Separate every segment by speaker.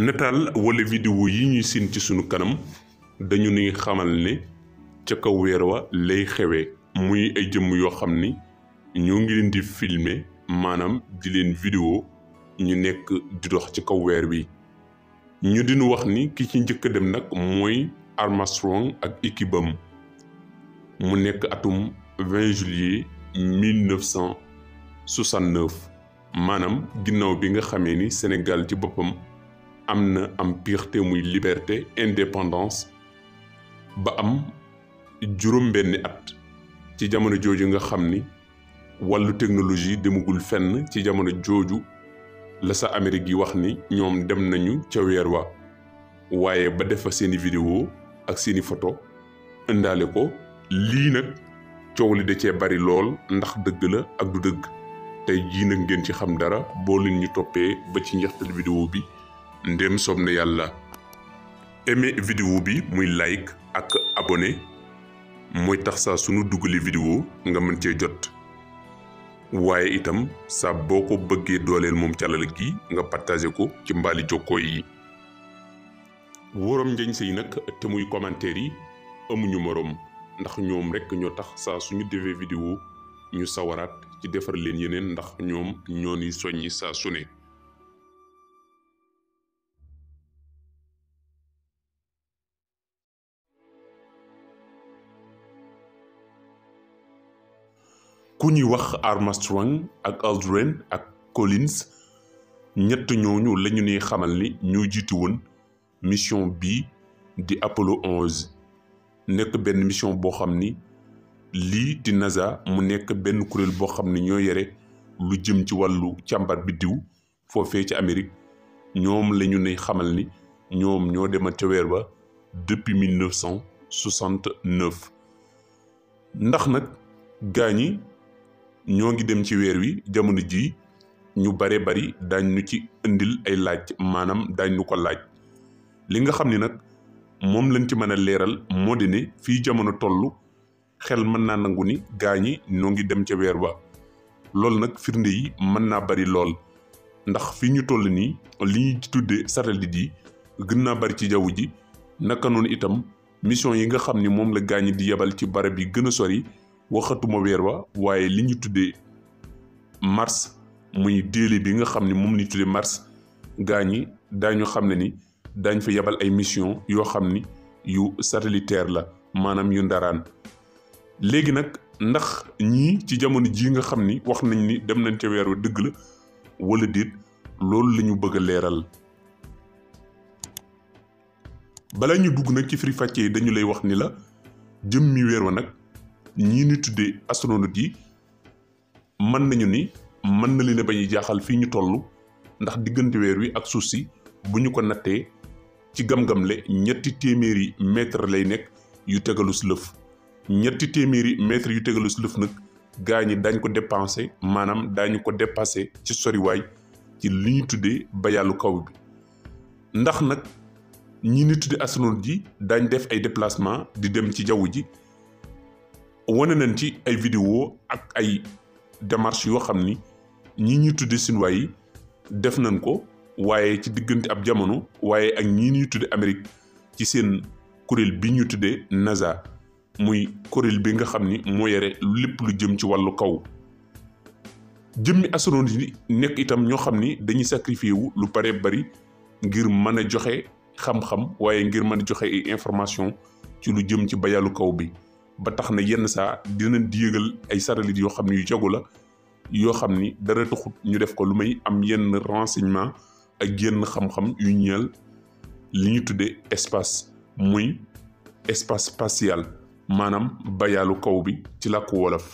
Speaker 1: nataal wala vidéo yi ñuy siin ci sunu kanam dañu nuy xamal ne ca kaw wa lay xewee muy ay jëmm yoo xam ni ñoo ngi leen di filmer maanaam di leen vidéo ñu nekk di dox ci kaw weer wi ñu dinu wax ni ki ci njëkk a dem nag mooy Armstrong ak équipe mu nekk atum 20 juillet 1969 maanaam ginnaaw bi nga xamee ni Sénégal ci boppam am na am piirté muy liberté indépendance ba am juróom-benni at ci jamono jooju nga xam ni wàllu technologie demagul fenn ci jamono jooju la sa Amérique yi wax ni ñoom dem nañu ca weer wa waaye ba def fa seeni vidéo ak seeni photo indaale ko lii nag coow li da cee bari lool ndax dëgg la ak du dëgg tey jii nag ngeen ci xam dara boo leen ñu toppee ba ci njeextal vidéo bi ndéem soob na yàlla aimé vidéo bi muy like ak abonné mooy tax saa sunu dugali vidéo nga mën cee jot waaye itam saa boo ko bëggee dooleel moom calal gi nga partagé ko ci mbaali jokkoo yi wóorom njañ sey nag te muy commentaire yi amuñu moroom ndax ñoom rekk ñoo tax saa suñu defee vidéo ñu sawaraat ci defar leen yeneen ndax ñoom ñoo ni soññi saa su ku ñuy wax Armstrong ak Aldrin ak Collins ñett ñooñu lañu ni xamal ni ñoo jiitu woon mission bii di Apollo 11 nekk benn mission boo xam ni lii di NASA mu nekk benn kuréel boo xam ni ñoo yore lu jëm ci wàllu càmbar diw foofee ci Amérique ñoom lañu ni xamal ni ñoom ñoo demal ca weer ba depuis 1969 ndax nag gaañi ñoo ngi dem ci weer wi jamono jii ñu bare bari daañ ñu ci indil ay laaj maanaam daañ ko laaj li nga xam ni nag moom lañ ci mën a leeral moo di ne fii jamono toll xel mën naa nangu ni gaañi ñoo ngi dem ca weer wa loolu nag firnde yi mën naa bari lool ndax fii ñu toll nii li ñuy tuddee satellite yi gën naa bari ci jaww ji naka noonu itam mission yi nga xam ni moom la gaa ñi di yebal ci barab yi gën a sori waxatuma weer wa waaye li ñu tuddee mars muy délai bi nga xam ni moom ni tuddee mars gaa ñi daañu xam ne ni daañ fa yebal ay mission yoo xam ni yu satellitaire la maanaam yu ndaraan léegi nag ndax ñii ci jamono ji nga xam ni wax nañ ni dem nañ ca weer wa dëgg la wala déet loolu lañu ñu bëgg a leeral bala ñu dugg nag ci firi fàcce yi dañu lay wax ni la jëmmi weer wa nag ñii ñu tuddee astronautes yi mën nañu ni mën na leen a bañuy a jaaxal fii ñu toll ndax diggante weer wi ak suuf si bu ñu ko nattee ci gam-gamle ñetti téeméeri mètre lay nekk yu tegalus lëf ñetti téeméeri mètre yu tegalus lëf nag gaa ñi daañ ko dépensé maanaam daañu ko dépassé ci soriwaay ci li ñu tuddee bayaalu kaw bi ndax nag ñi ni tuddee astronautes yi daañ def ay déplacement di dem ci jaww ji wane nañ ci ay vidéo ak ay démarches yoo xam ni ñi ñuy tudde yi def nañ ko waaye ci diggante ab jamono waaye ak ñii ñuy tudde Amérique ci seen kuréel bi ñu tuddee NASA muy kuréel bi nga xam ni moo yore lépp lu jëm ci wàllu kaw jëmmi astronautes yi nekk itam ñoo xam ni dañuy sacrifié wu lu bare bari ngir mën a joxe xam-xam waaye ngir mën a joxe ay information ci lu jëm ci bayalu kaw bi ba tax na yenn saa dinañ di yëgal ay satellites yoo xam ni yu jogu la yoo xam ni dara taxut ñu def ko lu may am yenn renseignement ak yenn xam-xam yu ñeel li ñu tuddee espace muy espace spatial maanaam bayaalu kaw bi ci làkku wolof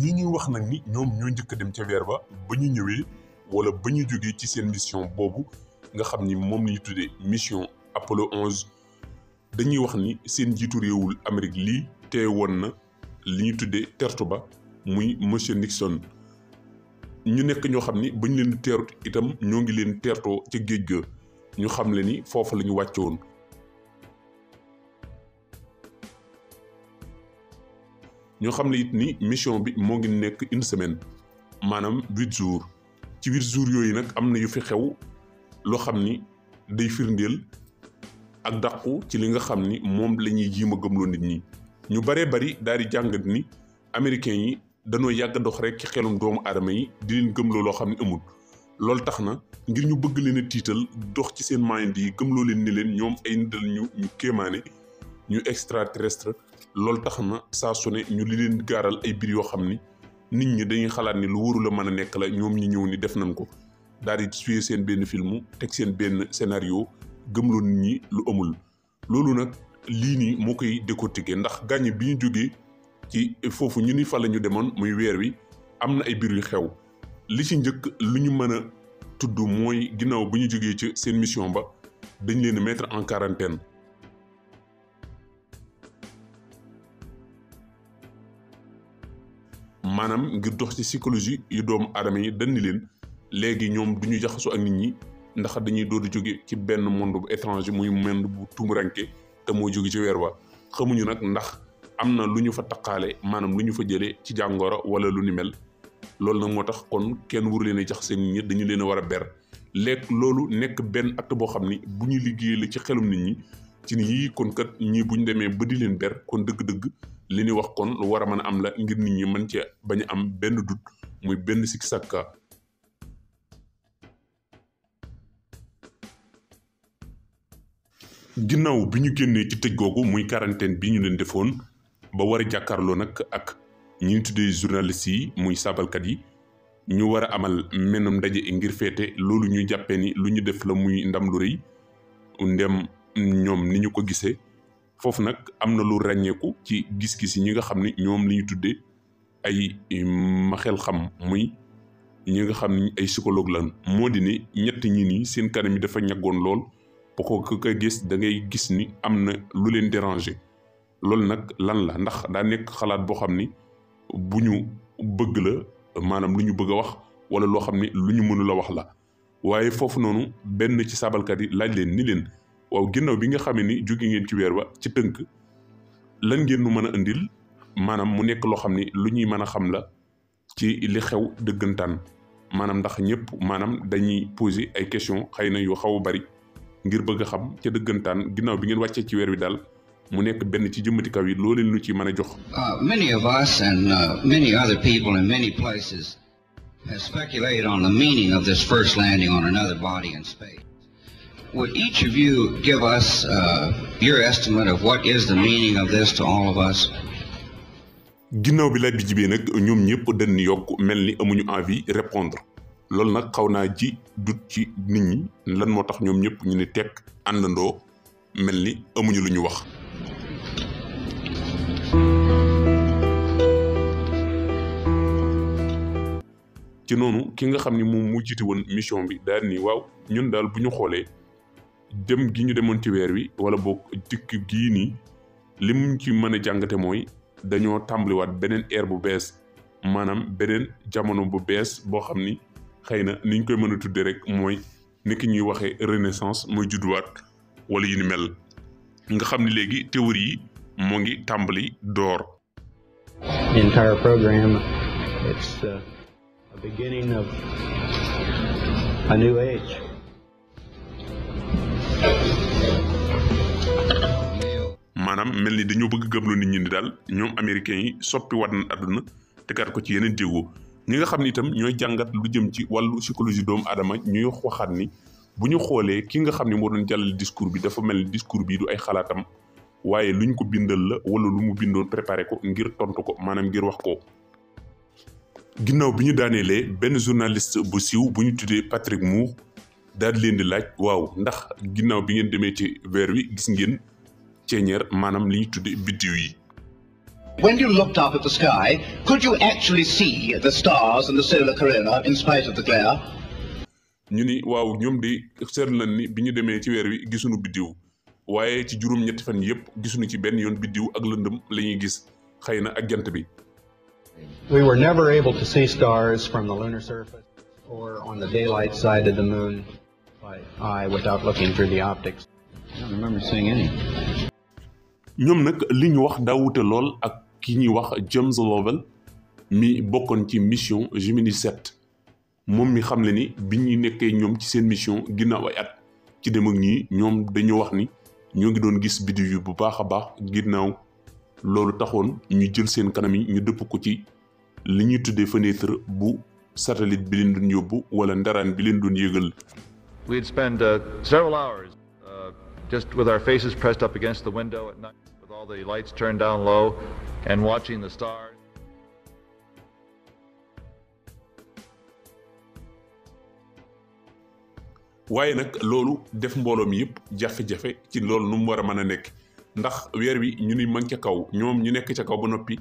Speaker 1: Nous nous wax nag ni ñoom ñoo njëkk Nous ca weer ba ñu wala mission la mission Apollo 11 dañuy wax ni seen jiitu réewul Amérique Nixon ñu ñoo leen ñoo xam ne it ni mission bi moo ngi nekk une semaine maanaam huit jours ci huit jours yooyu nag am na yu fi xew loo xam ni day firndeel ak dàqu ci li nga xam ni moom la ñuy jiim a gëmloo nit ñi ñu baree bari daal di jàngat ni américains yi dañoo yàgg dox rek ci xelum doomu aadama yi di leen gëmloo loo xam ne amul loolu tax na ngir ñu bëgg leen tiital dox ci seen mind yi gëmloo leen ni leen ñoom ay nit ñu ñu kéemaane ñu extraterrestre loolu tax na saa su ne ñu li leen gaaral ay biir yoo xam ni nit ñi dañuy xalaat ni lu wóoru la mën a nekk la ñoom ñi ñëw ni def nañ ko daal di suyee seen benn filmu teg seen benn scénario gëm nit ñi lu amul loolu nag lii nii moo koy décortiquer ndax gàññe bi ñu jógee ci foofu ñu ni fa la ñu demoon muy weer wi am na ay biir yu xew li ci njëkk li ñu mën a tudd mooy ginnaaw bu ñu jógee ci seen mission ba dañu leen mettre en quarantaine maanaam ngir dox ci psychologie yu doomu aadama yi dañ ni leen léegi ñoom du ñu jaxasoo ak nit ñi ndax dañuy doon di jóge ci benn monde bu étranger muy monde bu tumuranke te moo jóge ci weer wa xamuñu nag ndax am na lu ñu fa taqaale maanaam lu ñu fa jëlee ci jàngoro wala lu ni mel loolu nag moo tax kon kenn wur leen a jaxase nit ñi dañu leen a war a ber lekk loolu nekk benn acte boo xam ni bu ñu liggéeyee la ci xelum nit ñi ci nit yi kon kat ñii bu ñu demee ba di leen ber kon dëgg-dëgg li ñu wax kon lu war a mën a am la ngir nit ñi mën cee bañ am benn dut muy benn sikk sàkka ginnaaw bi ñu génnee ci tëj googu muy quarantaine bi ñu leen defoon ba war a jàkkaarloo nag ak ñi ñu tuddee journalistes yi muy sabalkat yi ñu war a amal menam ndaje ngir féete loolu ñu jàppee ni lu ñu def la muy ndam lu rëy ndem ñoom ni ñu ko gisee foofu nag am na lu ràññeeku ci gis-gis ñi nga xam ni ñoom li ñu tuddee ay maxel xam muy ñi nga xam ne ay psychologue lan moo di ne ñett ñi nii seen kanam yi dafa ñaggoon lool ba ko ka gis dangay gis ni am na lu leen déranger loolu nag lan la ndax daa nekk xalaat boo xam ni bu ñu bëgg la maanaam lu ñu bëgg a wax wala loo xam ne lu ñu mënula wax la waaye foofu noonu benn ci sabalkat yi laaj leen ni leen waaw ginnaaw bi nga xamee ni jóge ngeen ci weer wa ci tënk lan ngeen nu mën a indil maanaam mu nekk loo xam ni lu ñuy mën a xam la ci li xew dëggantaan maanaam ndax ñëpp maanaam dañuy pose ay questions xëy na yu xaw a bari ngir bëgg xam ca dëggantaan ginnaw bi ngeen wàccee ci weer wi daal. mu nekk benn ci jëmmati kaw yi loo leen lu ci mën a jox. Ah, many of us and uh, many other people in many places have speculated on the meaning of this first landing on another Would each of you give us uh, your estimate of ginnaaw bi laaj bi jibee nag ñoom ñëpp dañ yokk mel ni amuñu envie répondre loolu nag xaw naa ji dut ci nit ñi lan moo tax ñoom ñëpp ñu ni tekk àndandoo mel ni amuñu lu ñu wax. ci noonu ki nga xam ni moom mu jiite woon mission bi daal ni waaw ñun daal bu ñu xoolee. dem gi ñu demoon ci weer wi wala boog dikk gii nii lim ci mën a jàngate mooy dañoo tàmbaliwaat beneen ère bu bees maanaam beneen jamono bu bees boo xam ni xëy na niñ koy mën a tuddee rek mooy ni ñuy waxee renaissance mooy judduwaat wala yi ni mel nga xam ni léegi théorie yi mu ngi tàmbali door. maanaam mel ni dañoo bëgg gëmloo nit ñu ni daal ñoom américains yi soppi wat na àdduna tegaat ko ci yeneen jéego ñi nga xam ni itam ñooy jàngat lu jëm ci wàllu psychologie doomu aadama ñuy waxaat ni bu ñu xoolee ki nga xam ne moo doon jàllale discours bi dafa mel ni discours bi du ay xalaatam waaye lu ñu ko bindal la wala lu mu bindoon préparé ko ngir tontu ko maanaam ngir wax ko. ginnaaw bi ñu daaneelee benn journaliste bu siiw bu ñu tuddee Patrick Moore daal di leen di laaj waaw ndax ginnaaw bi ngeen demee ci weer wi gis ngeen ceeñeer maanaam li ñu tudde biddiw yi When you looked up at the sky, could you actually see the stars and the solar corona in spite of the glare? ñu ni waaw ñoom di seetlu nañ ni bi ñu demee ci weer wi gisuñu biddiw waaye ci juróom-ñetti fan yëpp gisuñu ci benn yoon biddiw ak lëndëm la ñuy gis xëy na ak jant bi. We were never able to see stars from the lunar surface or on the daylight eye without I don't remember seeing ñoom nag li ñu wax daa wute lool ak ki ñuy wax James Lovell mi bokkoon ci mission Gemini 7 moom mi xam le ni bi ñu nekkee ñoom ci seen mission ginnaaw ay at ci dem ak ñii ñoom dañoo wax ni ñoo ngi doon gis biddiw yi bu baax a baax ginnaaw loolu taxoon ñu jël seen kanami ñu dëpp ko ci li ñuy tuddee fenêtre bu satellite bi leen doon yóbbu wala ndaraan bi leen doon yëgal We'd spend uh, several hours uh, just with our faces pressed up against the window at night, with all the lights turned down low, and watching the stars. waaye nag loolu def mbooloo mi yëpp jafe-jafe ci loolu nu mu war a mën a nekk ndax weer wi ñu ni ca kaw ñoom ñu nekk ca kaw ba noppi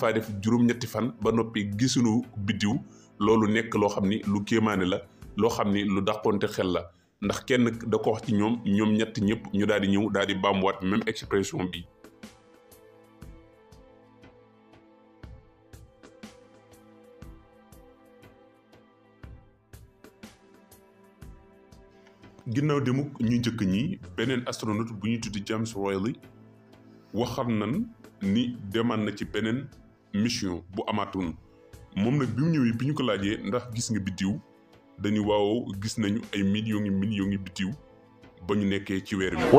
Speaker 1: faa def juróom-ñetti fan ba noppi gisuñu biddiw loolu nekk loo xam ni lu kéemaane la lo xamni lu daxonté xel la ndax kenn da ko wax ci ñom ñom ñett ñëpp ñu daal di ñëw daal di même expression bi ginnaw demuk ñu jëk ñi benen astronaute bu ñu tuddi James Royal waxam nan ni demal na ci benen mission bu amatun, mom nak bimu mu biñu ko laaje ndax gis nga bidiw What are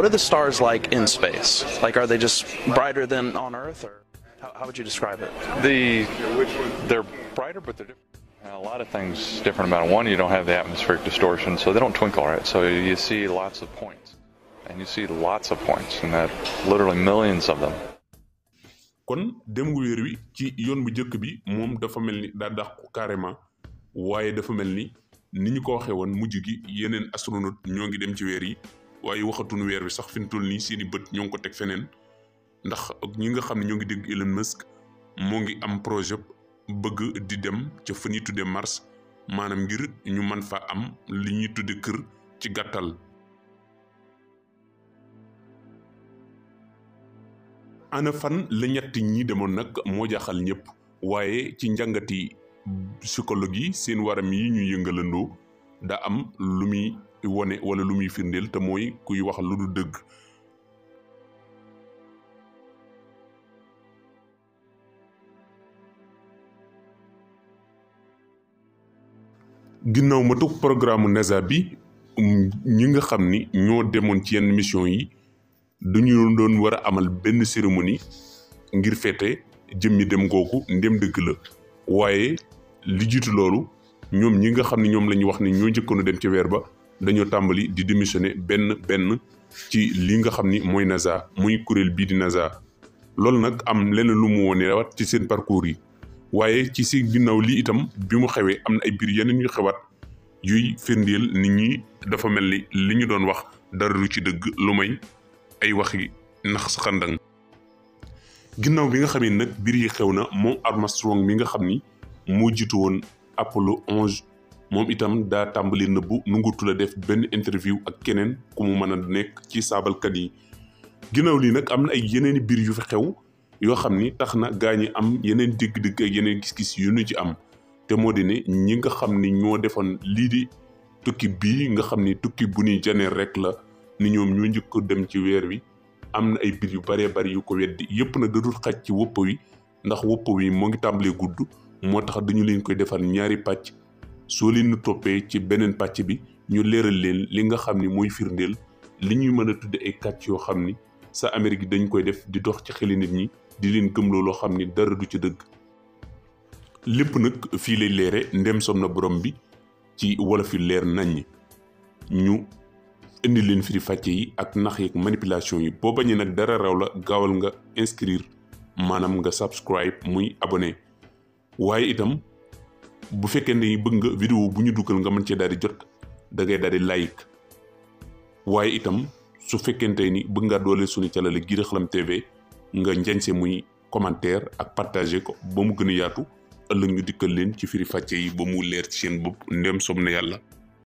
Speaker 1: the stars like in space? Like, are they just brighter than on Earth, or how, how would you describe it? The they're brighter, but they're different. a lot of things different about it. One, you don't have the atmospheric distortion, so they don't twinkle, right? So you see lots of points, and you see lots of points, and that literally millions of them. kon dem gu wéer wi ci yoon bu njëkk bi moom dafa mel ni daa carrément waaye dafa mel ni ni ñu ko waxee won mujj gi yeneen astronaut ñoo ngi dem ci weer yi waaye waxatun weer bi sax fi ñu ni nii seen i bët ñoo ngi ko teg feneen ndax ñi nga xam ñoo ngi dégg Elon Musk moo ngi am projet bëgg di dem ca fa ñuy tuddee Mars maanaam ngir ñu man fa am li ñuy tuddee kër ci gàttal. ana fan la ñett ñi demoon nag moo jaaxal ñëpp waaye ci njàngati psychologue seen waram yi ñu yëngalandoo da am lu muy wone wala lu muy firndeel te mooy kuy wax lu du dëgg ginnaaw matuk programme NASA bi ñi nga xam ni ñoo demoon ci yenn mission yi duñu doon war a amal benn cérémonie ngir fête jëmmi dem googu ndem dëgg la waaye li jiitu loolu ñoom ñi nga xam ne ñoom la wax ni ñoo njëkkoon dem ci weer ba dañoo tàmbali di démissionner benn benn ci li nga xam ni mooy NASA muy kuréel bii di NASA loolu nag am lenn lu mu woon wat ci seen parcours yi waaye ci si ginnaw lii itam bi mu xewee am na ay biir yeneen yu xewaat yuy firndeel nit ñi dafa mel ni li ñu doon wax dara lu ci dëgg lu may ay waxi nax sa xandang ginnaaw bi nga xamee ne nag biir yi xew na moom Armstrong mi nga xam ni. moo jiitu woon apollo 11 moom itam daa tàmbali nëbbu nungutu la def benn interview ak keneen ku mu mën a nekk ci saabalkat yi ginnaaw lii nag am na ay yeneeni biir yu fi xew yoo xam ni tax am yeneen dégg-dégg ak yeneen gis-gis yu nu ci am te moo di ne ñi nga xam ni ñoo defoon lii di tukki bii nga xam ni tukki bu ni janeer rek la ni ñoom ñoo njëkk dem ci weer wi am ay biir yu baree bari yu ko weddi yépp na dadul xaj ci wëpp wi ndax wëpp wi moo ngi tàmbalee gudd moo tax dañu leen koy defal ñaari pàcc soo leen toppee ci beneen pàcc bi ñu leeral leen li nga xam ni mooy firndeel li ñuy mën a tudde ay kàcc yoo xam ni sa Amérique yi dañ koy def di dox ci xeli nit ñi di leen gëmloo loo xam ni dara du ci dëgg lépp nag fii lay leere ndem som na borom bi ci wolofi leer nañ ñu indi leen firi fàcce yi ak nax yeeg manipulation yi boo bañee nag dara raw la gaawal nga inscrire maanaam nga subscribe muy abonné waaye itam bu fekkee ne bëgg nga vidéo bu ñu duggal nga mën cee daal jot da ngay daal waaye itam su fekkente ni bëgg ngaa doole suñu calale gii di Xalam TV nga njañse muy commentaire ak partager ko ba mu gën a yaatu ëllëg ñu dikkal leen ci firi fàcce yi ba mu leer ci seen bopp ndem sob na yàlla